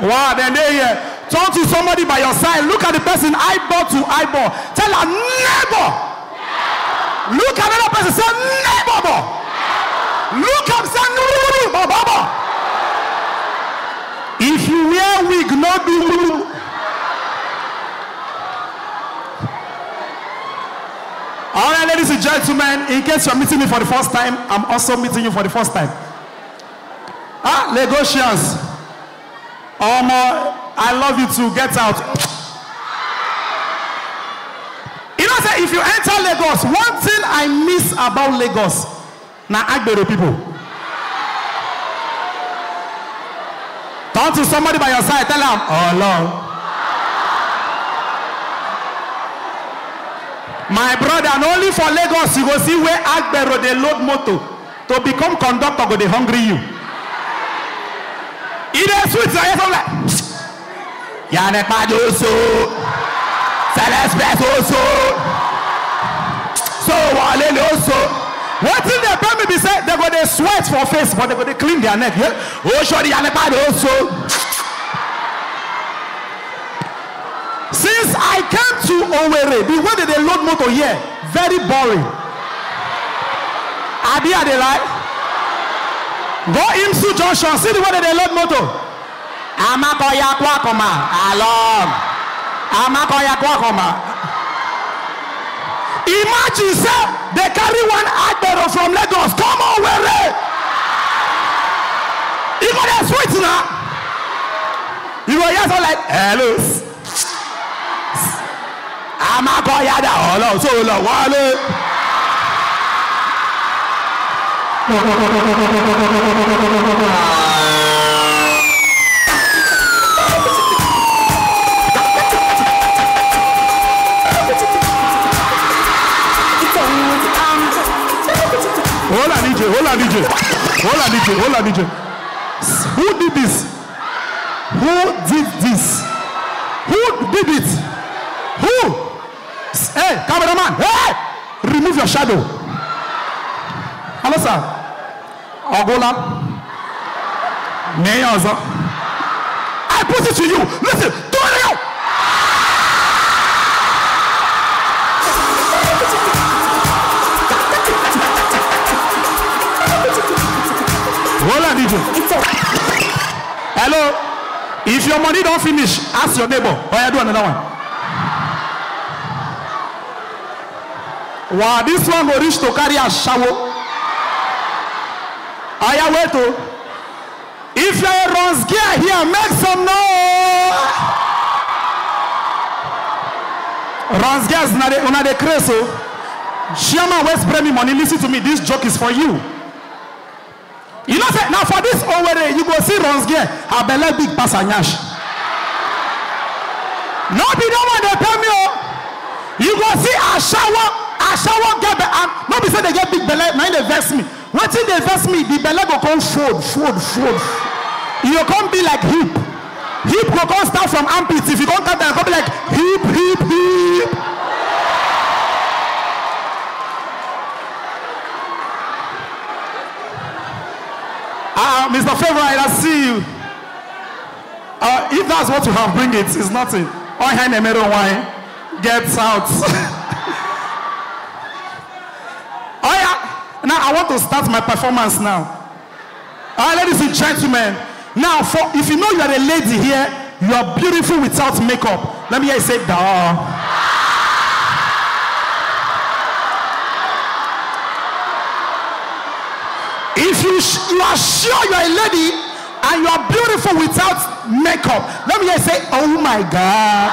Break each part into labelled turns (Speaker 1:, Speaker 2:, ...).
Speaker 1: Wow, then they hear. Turn to somebody by your side. Look at the person eyeball to eyeball. Tell her neighbor. Look at another person. Say neighbor. Look up. Say neighbor. If you wear wig, not be. All right, ladies and gentlemen, in case you're meeting me for the first time, I'm also meeting you for the first time. Ah, negotiations. Omo, I love you too. Get out. You know, say if you enter Lagos, one thing I miss about Lagos, na agbero people. Talk to somebody by your side, tell them, oh Lord. My brother, and only for Lagos, you go see where agbero dey load motor to become conductor go dey hungry you. Yannick Madoso, Celeste Best also, so Wale also. One thing they tell me be say they go they sweat for face but they go they clean their neck. Yeah? Oh sure Yannick Madoso. Since I came to Owerri, the way that they load motor here, very boring. Abi are they right? Go Imsu Junction, see the way that they load motor ya Amakoya Kwakoma, ya Amakoya Kwakoma. Imagine, sir, they carry one agbero from Lagos. Come on, where? Even a sweet now. You were just like, hello. ya da olo so lo wale. Oh, DJ, on, DJ, Hold on, DJ, Hold on, DJ. Who did this? Who did this? Who did it? Who? Hey, cameraman, hey! Remove your shadow. Hello, sir. Ogola. Mayor, I put it to you. Listen, Hello? If your money don't finish, ask your neighbor. Or oh, I do another one. Wow, this one will reach to carry a shower. Aya ah, wait o. Oh. If you're a runs gear here, make some noise. Runs gears, una de craze crazy. Oh. Chairman West Bremi money, Listen to me, this joke is for you you know say na for this owerri you go see runs gear her belle big pass anyash no be no one dey tell me o oh. you go see asawo asawo get belle and no be say they get big belle na im dey vex me wetin dey vex me the belle go come fold fold fold e go come be like hip hip go come start from armpit if you come cut down e go be like hip hip hip. Mr. Favorite, I see you. Uh, if that's what you have, bring it. It's nothing. One hand and middle wine gets out. oh yeah. Now I want to start my performance now. All right, ladies and gentlemen. Now, for if you know you are a lady here, you are beautiful without makeup. Let me hear you say, "Duh." you are sure you are a lady and you are beautiful without makeup. Let me just say, oh my God.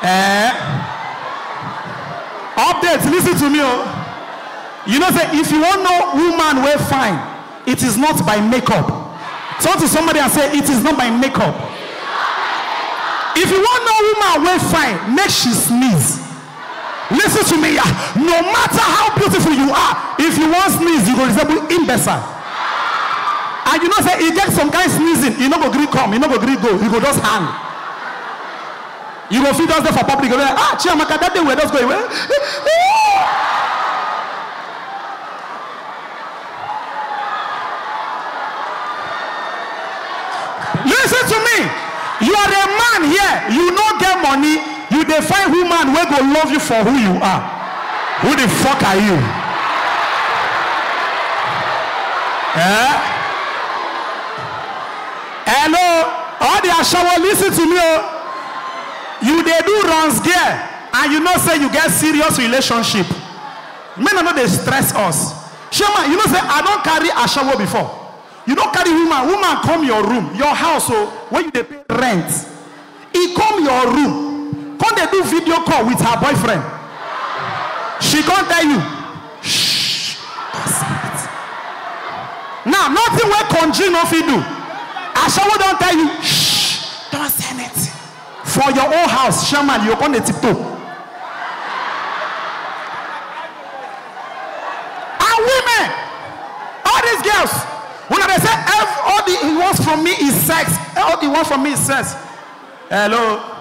Speaker 1: Oh eh? Updates, listen to me. Oh. You know, say, if you want no woman, we're fine. It is not by makeup. Talk to somebody and say, it is not by makeup. If you want no woman, we're fine. Make she sneeze. Listen to me. Yeah. No matter how beautiful you are, if you want sneeze, you go resemble imbecile. And you know, say he get some guy sneezing, He no go greet come, He no go greet go, He go just hang. You go feed us there for public. Go like, ah, Chiamaka, that day we're just going. Well. Listen to me. You are a man here. You no get money you dey find woman wey go love you for who you are who the fok are you eh? hello all the asawo lis ten to me o oh. you dey do runs there and you know say you get serious relationship men no dey stress us shema you know say i don carry asawo before you don carry woman woman come your room your house o oh, when you dey pay rent e come your room Come they do video call with her boyfriend. She can't tell you. Shh. Now, nothing where conjure no fit do. Ashawo don't tell you. Shh. Don't say it. For your own house, shaman, you are come the tiptoe. And women, all these girls, when they say all he wants from me is sex, all he wants from me is sex. Hello.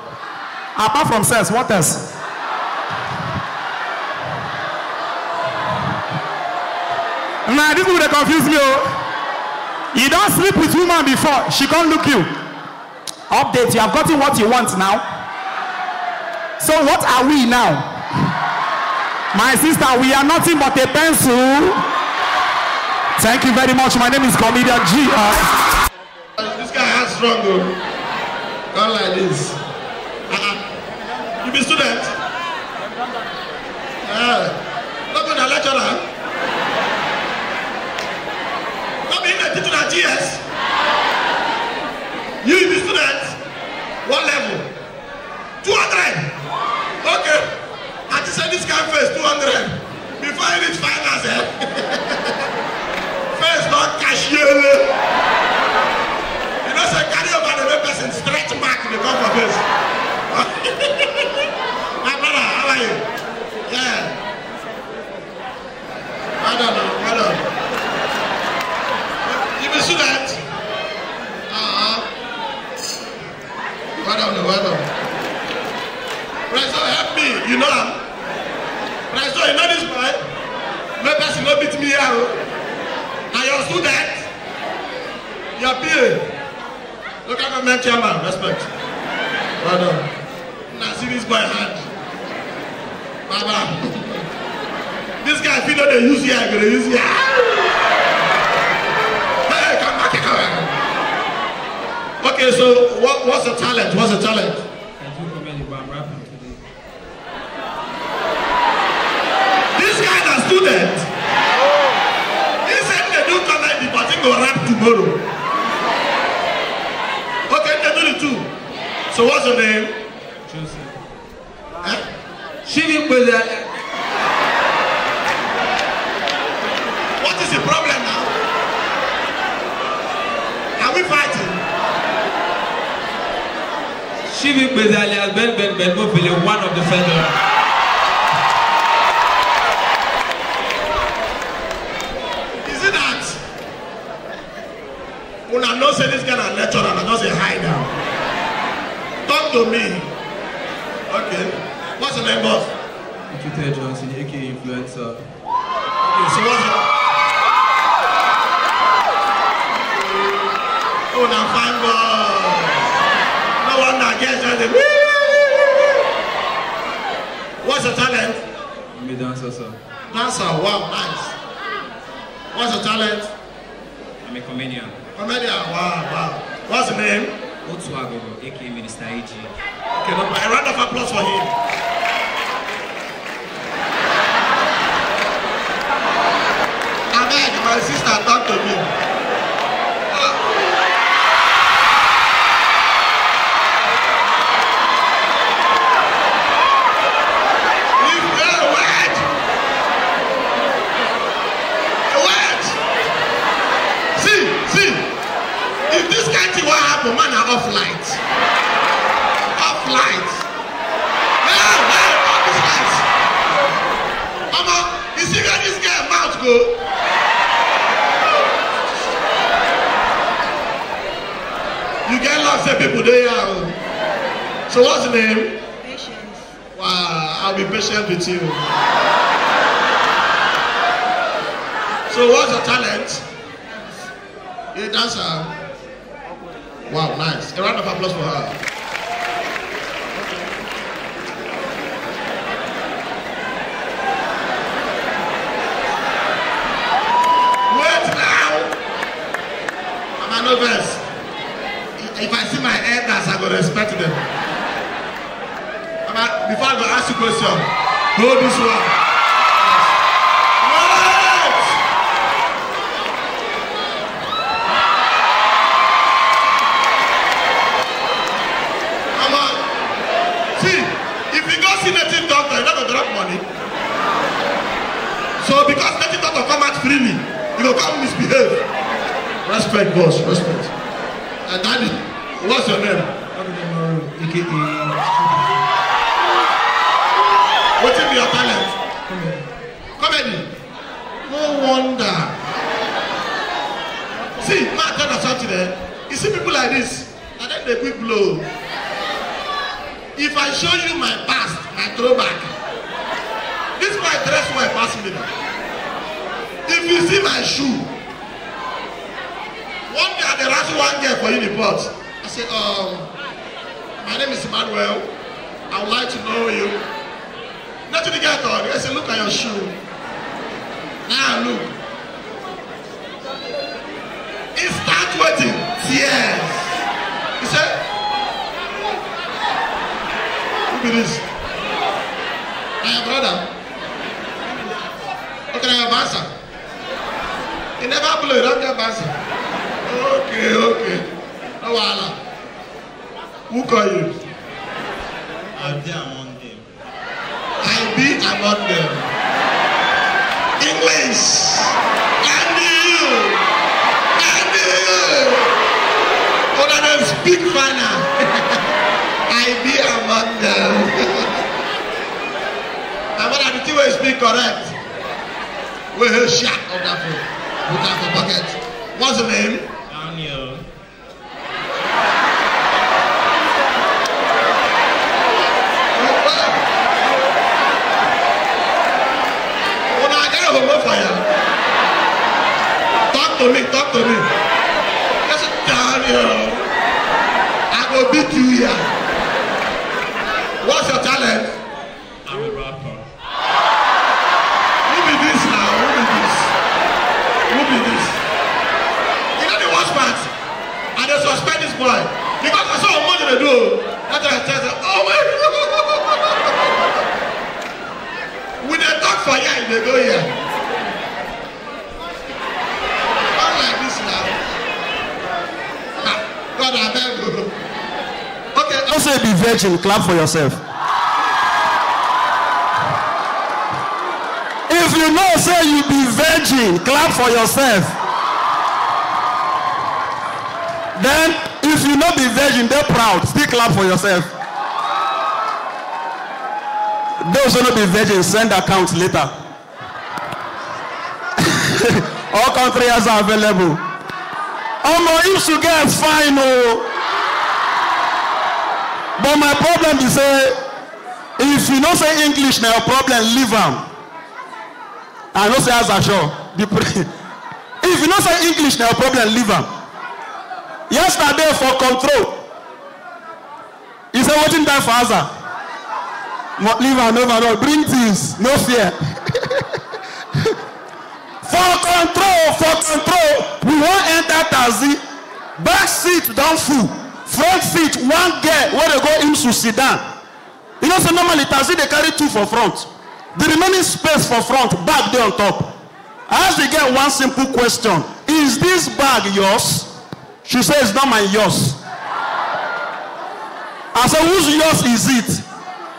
Speaker 1: Apart from sex, what else? Now, nah, this people, they confuse me. Oh. You don't sleep with woman before. She can't look you. Update, you have gotten what you want now. So what are we now? My sister, we are nothing but a pencil. Thank you very much. My name is Comedian G. Uh,
Speaker 2: this guy has struggle. Not like this be student ah, no be na lecturer no be na teacher na gs you be student What level 200. hundred okay ati say this kind face two hundred before you reach finance eh face don cash you know say carry over the way person stretch mark dey come for face. Baba, how are you? Yeah.
Speaker 3: fighting. Shivi Bezali has been Ben Ben Mobile, one of the federal. Is it that?
Speaker 2: Una no say this kind of lecture and I just say hi now. Talk to me. Okay. What's your name, boss?
Speaker 4: Ikite Johnson, aka Influencer.
Speaker 2: Okay, so what's your
Speaker 4: Dancer, wow, nice. What's your talent? I'm a comedian. Comedian, wow, wow. What's your name? Otu Agogo, aka Minister AG. Okay,
Speaker 2: no, a round of applause for him. respect them. And I, before I go ask you a question, hold this one. Come on. See, if you go see native doctor, you're not going to drop money. So because native doctor come out freely, you go come misbehave. Respect, boss, respect. And daddy, what's your name? aka. Wetin be your talent? Comedy. No wonder. See, ma tell na something there. You see people like this, and then they quick blow. If I show you my past, my throwback, this my dress my past me. If you see my shoe, one day I dey one girl for you the pot. I say, um, My name is Emmanuel. I would like to know you. Nothing to get on. I said, look at your shoe. Now look. Instant waiting. Yes. You say. look at this. My brother. Okay, I have answer. He never blew. Don't get answer. Okay, okay. No wahala. Who call you? I be among them. I be among them. English. And you. And you. But I don't speak Fana. I be among them. And when I do speak correct, we hear shot on that phone. Put out the bucket. What's the name? will not fire. Talk to me, talk to me. Just Daniel, I will beat you here. What's your talent? I'm a rapper. Who be this now? Who be this? Who be this? You know the worst part? I just suspect this boy. Because I saw a money they do. That's why I tell them, oh my God. We dey talk for here, you dey go
Speaker 1: here. say be virgin, clap for yourself. If you know say you be virgin, clap for yourself. Then if you no be virgin, dey proud, still clap for yourself. Those who no be virgin, send account later. All countries are available. Omo, if you get fine ooo. Oh but my problem is, say eh, if you no say english na your problem leave am i no say as asure the pre if you no say english na your problem leave am yesterday for control he say wetin time for hazard leave am no, no bring things no fear for control for control we wan enter taxi back seat don't fool front seat, one girl wey dey go im to sit down you know say normally taxi dey carry two for front the remaining space for front bag dey on top i ask the girl one simple question is this bag yours she say it's not my yours i say whose yours is it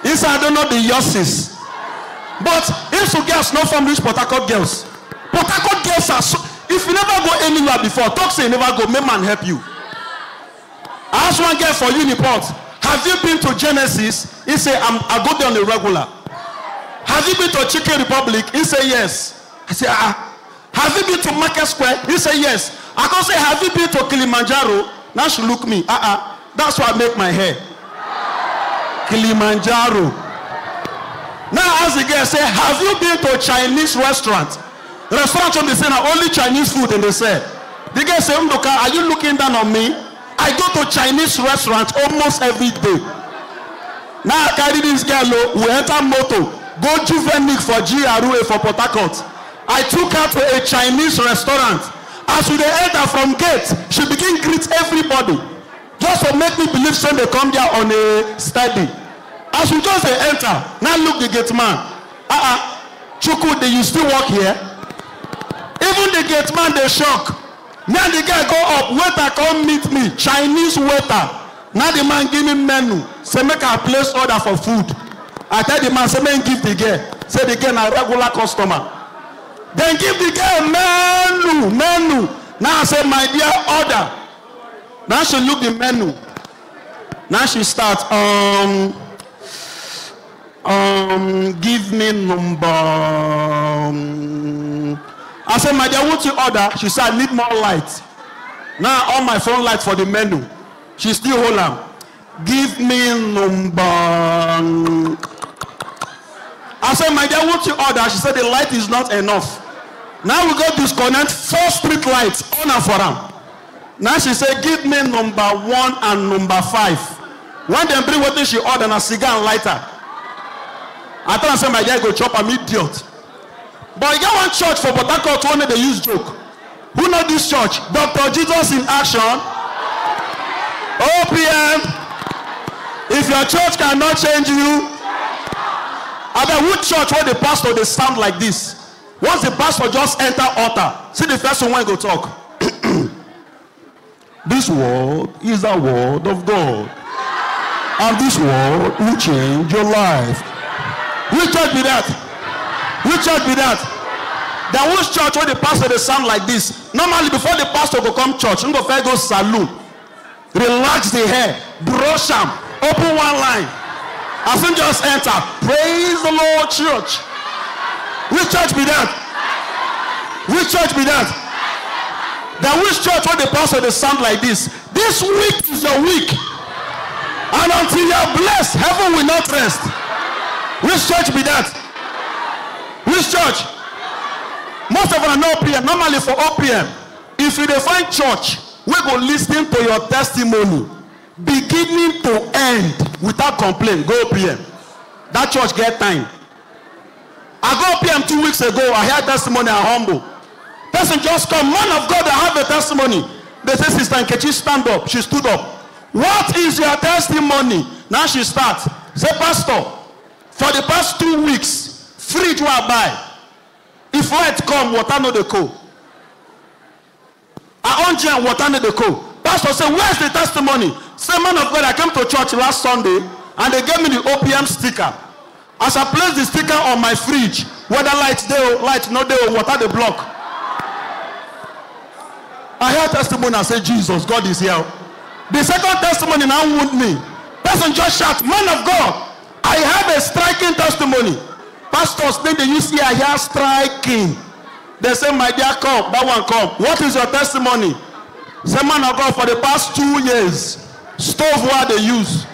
Speaker 1: he say i don't know the yourses. but if some girls no form reach port harcourt girls port harcourt girls are so if you never go anywhere before talk say you never go make man help you I asked one girl for uniport. Have you been to Genesis? He say, I'm, I go there on a regular. Have you been to Chicken Republic? He say yes. I say ah. Have you been to Market Square? He say yes. I go say, have you been to Kilimanjaro? Now she look me. Ah, uh-uh. that's why I make my hair. Kilimanjaro. Now ask the girl, say, have you been to Chinese restaurant? The restaurant on the say, only Chinese food, and they said. The girl say, Mdoka, are you looking down on me? I go to Chinese restaurant almost every day. Now I carry this girl oh, we enter motor, go juvenile for GRA for Port Harcourt. I took her to a Chinese restaurant. As we enter from gate, she begin greet everybody. Just to make me believe say they come there on a study. As we just enter, now look the gate man. Ah uh ah, -uh. Chukwudi, you still work here? Even the gate man dey shock me and the guy go up waiter come meet me chinese waiter na the man give me menu say make i place order for food i tell the man say make give the girl say the girl na regular customer then give the girl menu menu now say my dear order now she look the menu now she start um, um, give me number um, I said, My dear, what you order? She said, I need more light. Now, all my phone lights for the menu. She still hold on. Give me number. I said, My dear, what you order? She said, The light is not enough. Now we go disconnect four street lights on and for them. Now she said, Give me number one and number five. When they bring what she order, a cigar and lighter. I thought I said, My dear, go chop, I'm idiot but e get one church for port harcourt wey no dey use joke who know dis church dr jesus in action opm if your church cannot change you abeg who church wey the pastor dey sound like this once the pastor just enter altar see the first one wey go talk this word is the word of god and this word will change your life which church be that Which church be that? Then which church where the pastor they sound like this? Normally before the pastor go come church, you go first go saloon. Relax the hair, brush them, open one line. I think just enter. Praise the Lord church. Which church be that? Which church be that? The which church where the pastor they sound like this? This week is your week. And until you are blessed, heaven will not rest. Which church be that? Which church? Most of them know not PM. Normally for OPM. If you define church, we go listen to your testimony beginning to end without complaint. Go OPM. That church get time. I go OPM two weeks ago. I hear testimony. I humble. Person just come. Man of God, I have a testimony. They say, Sister Nkechi, stand up. She stood up. What is your testimony? Now she starts. Say, Pastor, for the past two weeks, fridge wey i buy if wet come water no dey cold i on gin water no dey cold pastor say where's the testimony say man of god i came to church last sunday and they gave me the opm sticker as i place the sticker on my fridge whether light dey o light no dey o water dey block i hear testimony and say jesus god is here the second testimony na wound me person just shout man of god i have a striking testimony pastors name dey use ear here striking they say my dear come that one come what is your testimony say man of god for the past two years stove wey i dey use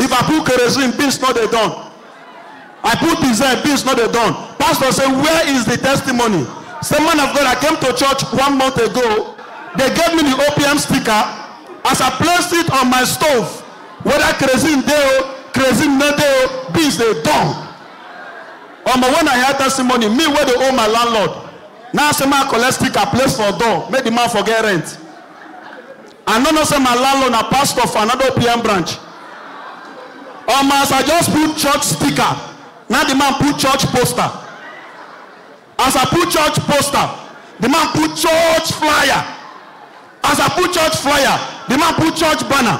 Speaker 1: if i put kerosene beans no dey done i put diesel beans no dey done pastor say where is the testimony say man of god i came to church one month ago they gave me the opm sticker as i placed it on my stove whether kerosene dey o kerosene no dey o beans dey done omo when i hear testimony me wey dey owe my landlord now say my collect sticker place for door make the man forget rent i no know say my landlord na pastor for another pm branch omo as i just put church sticker now the man put church poster as i put church poster the man put church flyer as i put church flyer the man put church banner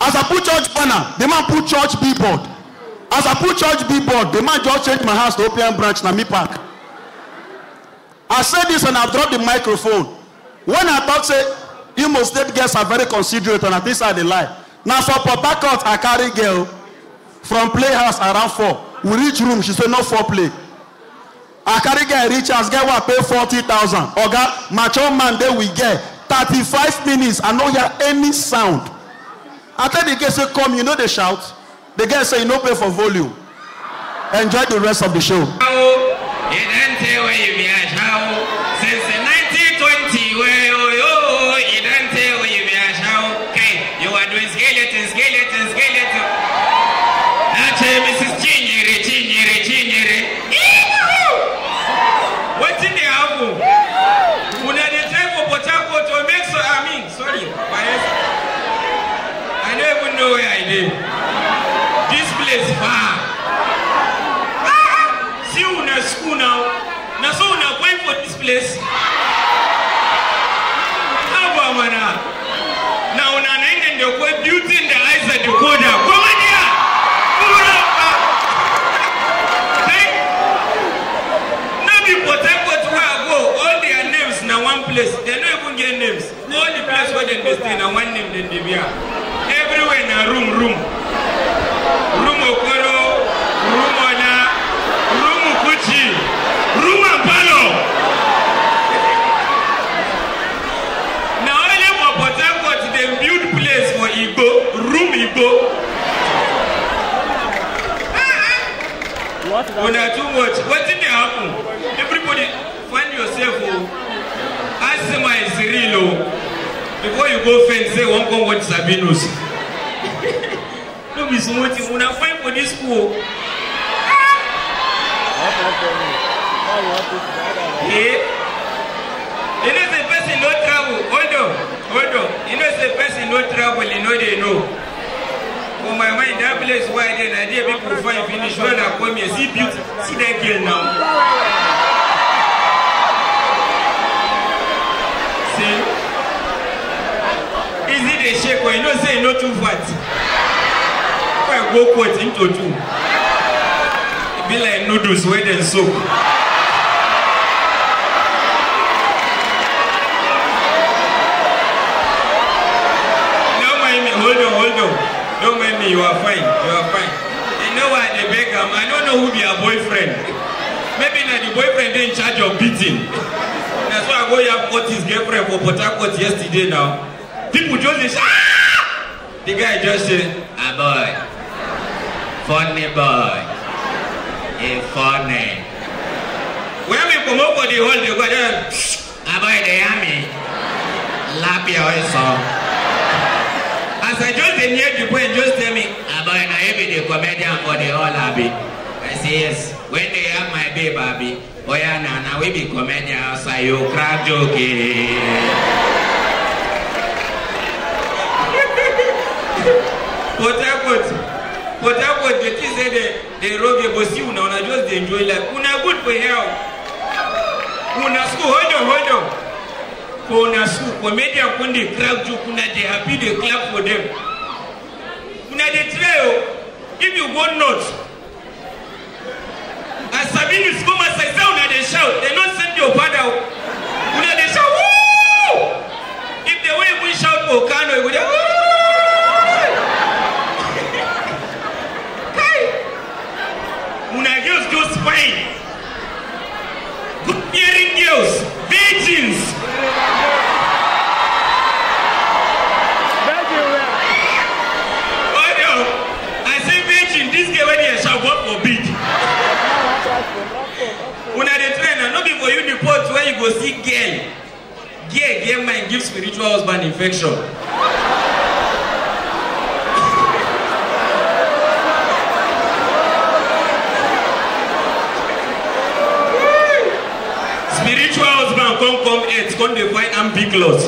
Speaker 1: as i put church banner the man put church billboard as i put church board, the man just change my house to opium branch na me park i say this and i drop the microphone when i talk say imo state girls are very considerate and at least i dey lie na for port harcourt i carry girl from play house around four we reach room she say no four play i carry girl reach house girl wa pay forty thousand oga mature man dey we get thirty-five minutes i no hear any sound i tell the girl say come you no know dey shout The guy said, you no pay for volume. Enjoy the rest of the show.
Speaker 3: place dem no even get names only place wey dem dey stay na one name dem dey bear everywhere na room room room okoro room ola room kuchi room apalo na only for port harcourt dem build place for igbo room igbo. una too much wetin dey happen. real o oh. before you go faint say one come watch sabi news no be small thing una fine for this school Yeah. You know the person no travel, hold on, hold on. You know the person no travel, you know they know. For my mind, that place where I did, I did people find finish when I come here. See beauty, see that girl now. Easy dey shake when you know say you no too fat. When go quote him to do. It be like noodles wey dem soak.
Speaker 5: No mind me,
Speaker 3: hold on, hold on. Don't mind me, you are fine, you are fine. You know why I dey beg am? I no know who be her boyfriend. Maybe na the boyfriend dey in charge of beating. That's why I go yab court his girlfriend for Port Harcourt yesterday now. People just say, ah! The guy just say, a ah, boy. Funny boy. A funny. When we come up with the whole, they go, a ah, boy, they are me. Lap your song. As I just near the point, just tell me, a ah, boy, I be the comedian for the whole Abbey. I say, yes. When they have my baby, Oya oh yeah, now, now we be comedian so you crack joking. Eh. people say they, they rob you, but see, una, una just they enjoy life. Una good for health. Una school, hold on, hold on. For una school, comedian, when they clap you, una they happy, they clap for them. Una they trail. Oh. If you go not, as Sabinus come as I sound, they shout, they not send your father. Oh. Una they shout, woo! If they want even shout for Kano, you go Spain, good hearing girls, virgins. Oh no, I say virgin, this girl when you shall work for big. Una dey train na no be for you the port where you go see girl. Girl get man give spiritual husband infection. market come dey find am big lot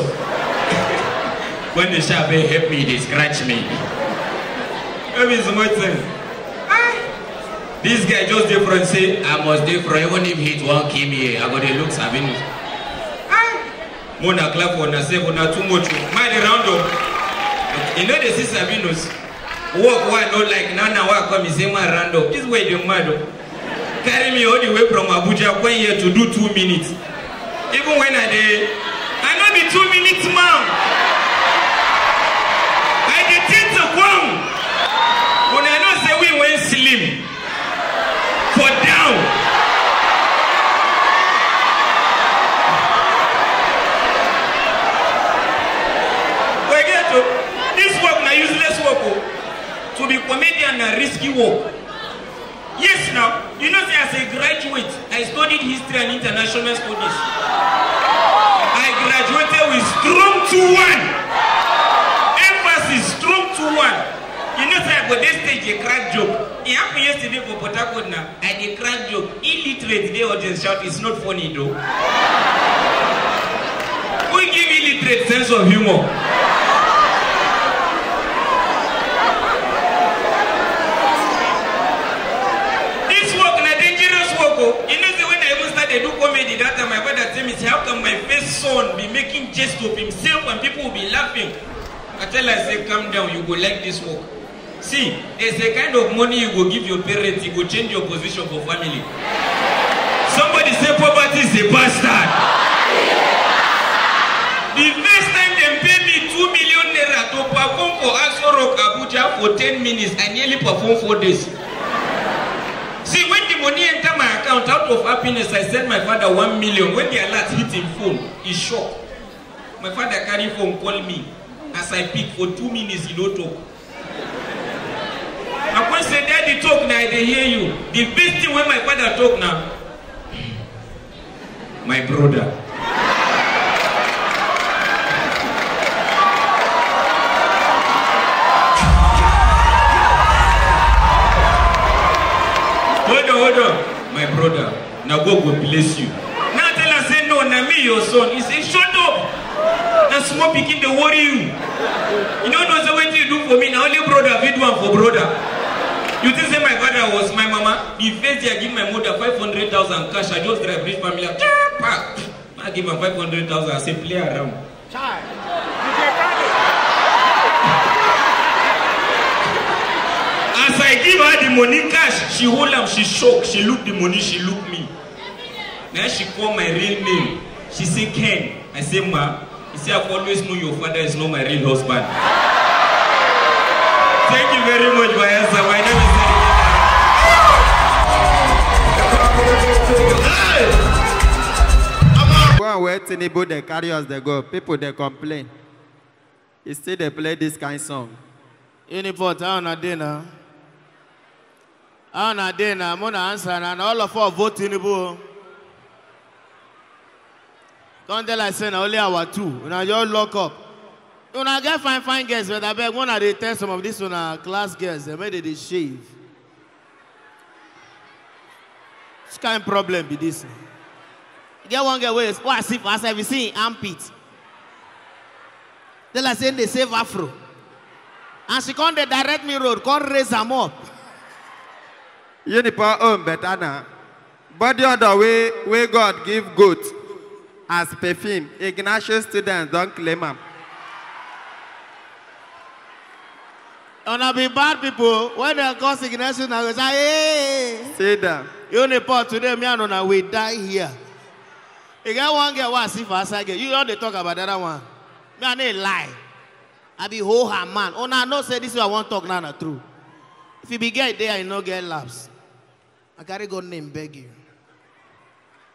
Speaker 3: when the sharp dey help me dey scratch me no be small thing this guy just dey front say i must dey front even if heat wan kill me i go dey look sabi ah! news mona clap for una sef una too much o oh. ma dey round up e no dey see sabi news work wey i no like now na why i come e say ma round up this way dey mad oh. carry me all the way from abuja come here to do two minutes even when I did, I no be two minutes man. I dey think to come. I know say we wen slim for down. We get o, this work na useless work o. Oh. To be comedian na risky work. You know, as a graduate, I studied history and international studies. I graduated with strong to one. Emphasis strong to one. You know, say I go this stage a crack joke. It happened yesterday for Port now. I did crack joke. Illiterate, the audience shout, it's not funny though. We give illiterate sense of humor. Just gist to himself and people will be laughing. Until I say, calm down, you go like this work. See, there's a kind of money you will give your parents, you will change your position for family. Somebody say poverty is a bastard.
Speaker 5: The first time they
Speaker 3: paid me 2 million naira to perform for Aso Rock Abuja for 10 minutes, I nearly performed four days. See, when the money entered my account, out of happiness, I sent my father 1 million. When the alert hit him full, he shocked. My father carry phone, call me. As I pick for two minutes, he no talk. I can't say daddy talk now, they hear you. The best thing when my father talk now, my brother. hold on, my brother. Now God will bless you. Now tell us say, no, now me, your son. He said, sure. small pikin dey worry you you no know say wetin you do for me na only brother fit do am for brother you think say my father was my mama the first day i give my mother five hundred thousand cash i just drive reach family pa i give am five hundred thousand i say play around. Child. as i give her the money cash she hold am she shock she look the money she look me Then she call my real name she say ken i say ma He said, I've always known your father is not my real husband. Thank you very much for answer. My name
Speaker 4: is Go where Tinibu, they carry us, they go. People, they complain. He still they play this kind of song. Uniport, I on a dinner.
Speaker 6: I on a dinner, I'm on answer, and all of us vote Tinibu. Don't tell I say now only our two. you just lock up. I get fine fine girls, but I beg one the tell some of this are class girls, they made it shave. Which kind of problem be this? Get one girl where oh, what I see for herself, you see armpit. Then
Speaker 4: I say they save afro. And she come the direct me road, come raise them up. You need power own better now. But the other way, way God give good as perfume. Ignatius students don't claim them. Una be bad people when they cause
Speaker 6: Ignatius now they say, hey. See them. You only part today, me and una we die here. You got one girl what see for outside You know they talk about the other one. Me and they lie. I be whole her man. Oh now no say this is I want talk now not true. If you be get there, you no get laughs. I carry God name beg you.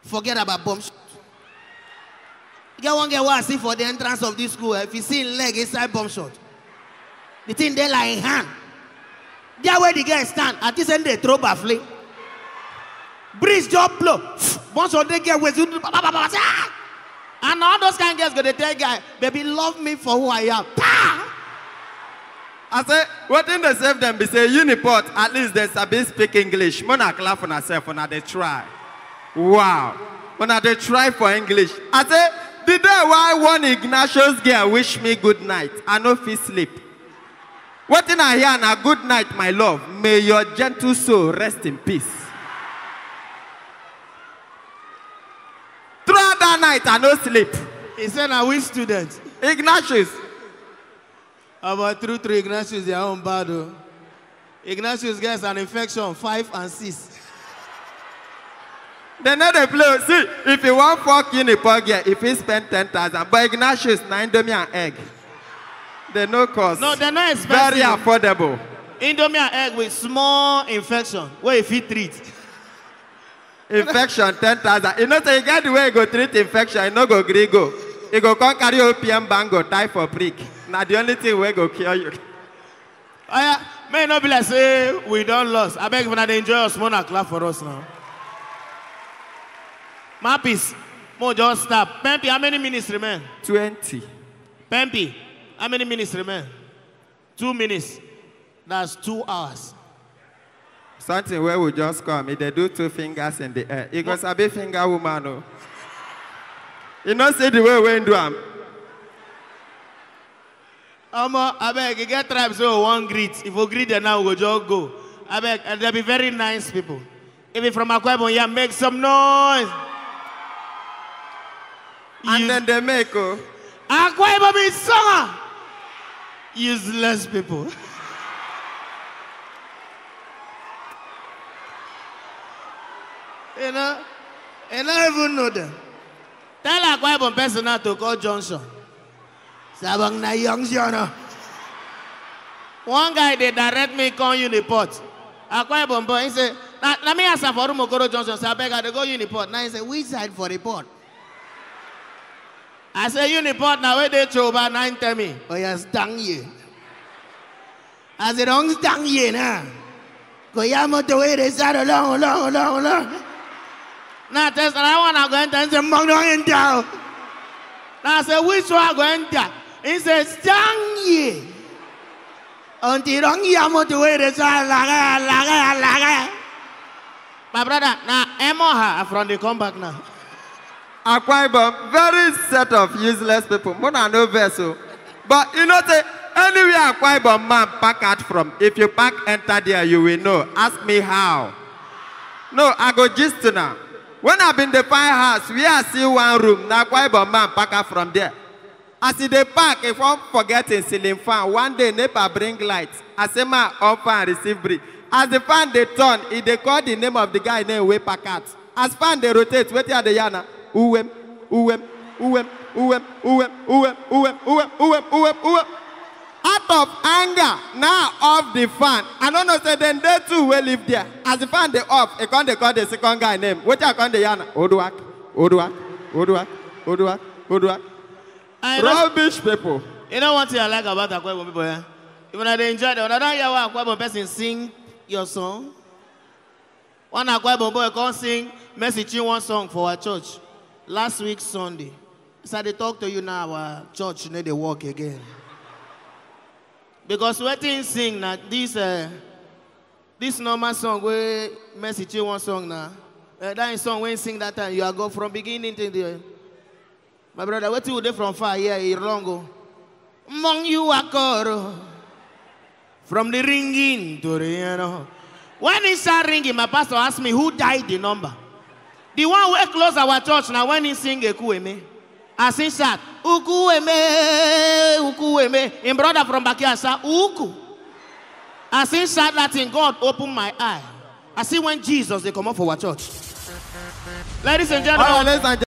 Speaker 6: Forget about bombs. get one girl wey I see for the entrance of this school. Eh? If you see him leg inside bomb shot, the thing there like hand. There where the girl stand, at this end they throw baffling. Breeze just blow. Once or they get with you, ah! and all those kind of girls go to tell guy, baby, love me for who I
Speaker 4: am. I say, what in they save them be say uniport, at least they sabi speak English. Mona clap on herself, when they try. Wow. When they try for English. I say, The day why one Ignatius girl wish me good night, I no fit sleep. Wetin I hear na good night, my love. May your gentle soul rest in peace. Throughout that night, I no sleep. He said, na which student? Ignatius.
Speaker 6: About true, true Ignatius, their own bad. Oh. Ignatius gets an infection five and six.
Speaker 4: They know the blow. See, if you want four kidney per year, if you spend 10,000, but Ignatius, nine domi and egg. They no cost. No, they're not expensive. Very affordable. Indomie and egg with small infection. Where if he treat? Infection, 10,000. You know, so you get the way you go treat infection, you know, go gree You go come carry OPM bang, go die for prick. Now the only thing we go cure you. Oh, yeah. May not be like, say, we don't
Speaker 6: lost. I beg you, enjoy your small and clap for us now. Mapis, mo just stop. Pempi, how many minutes remain? 20. Pempi, how many minutes remain? Two minutes. That's two hours.
Speaker 4: Something where we just come, if they do two fingers in the air, it goes a big finger woman. Oh. You know, say the way we do them.
Speaker 6: Omo, beg you get tribes so one greet. If you greet them now, we we'll just go. Abeg, and they'll be very nice people. Even from Akwa Ibom, yeah, make some noise.
Speaker 4: And then they make. Uh, oh. Akwa ah, Ibom is song. Useless people.
Speaker 6: you know, I don't even know them. Tell Akwa Ibom person now to call Johnson. Sabang na young Jono. One guy they direct me call Uniport. Akwa ah, Ibom boy, he say, let me ask for Rumokoro Johnson. So I beg her to go Uniport. Now he say, which side for report? I say you report now where they throw about nine tell me. Oh yeah, stang ye. I said, don't stang ye now. Go ya motor way they sat along, oh, along, oh, along, oh, along. Now test and I wanna go and tell them mong don't enter. Now I said, which one go enter? He said, stang ye. Until long ya motor way they sat laga,
Speaker 4: laga, laga. My brother, now Emoha from the comeback now. Akwa Ibom, very set of useless people. Muna no vessel. But you know, say, anywhere Akwa Ibom man park out from, if you park enter there, you will know. Ask me how. No, I go gist now. When I been the firehouse, we are see one room. Now Akwa man park out from there. As in the park, if I'm forgetting ceiling fan, one day NEPA bring light. I say my offer and receive brief. As the fan they turn, if they call the name of the guy, name we park out. As fan they rotate, wait here the yana. UM, UM, UM, UM, UM, UM, UM, UM, UM, UM, UM. Out of anger, now off the fan. I don't know, say then they too will live there. As the fan they off, I can't they call the second guy name. What I call the yana? Oduak, Oduak, Oduak, Oduak, Oduak. Rubbish people. You know
Speaker 6: what I like about eh? that Akwebo people, yeah? Even I enjoy it, I don't hear what Akwebo person sing your song. One Akwebo boy can't sing, message you one song for our church. last week Sunday. So they talk to you now, our church, you to they walk again. Because what they sing now, this, uh, this normal song, we message you one song now. Uh, that song when sing that time, you are go from beginning to the My brother, what you do from far here, yeah, Irongo. Oh. Among you are called oh. from the ringing to the, you oh. When it start ringing, my pastor asked me, who died the number? The one who close our church now, when he sing Ekuweme. I he that ukueme, ukueme. Him brother from backyard said Uku. I he shout that thing, God open my eye. I see when Jesus, they come up for our church.
Speaker 5: ladies and gentlemen.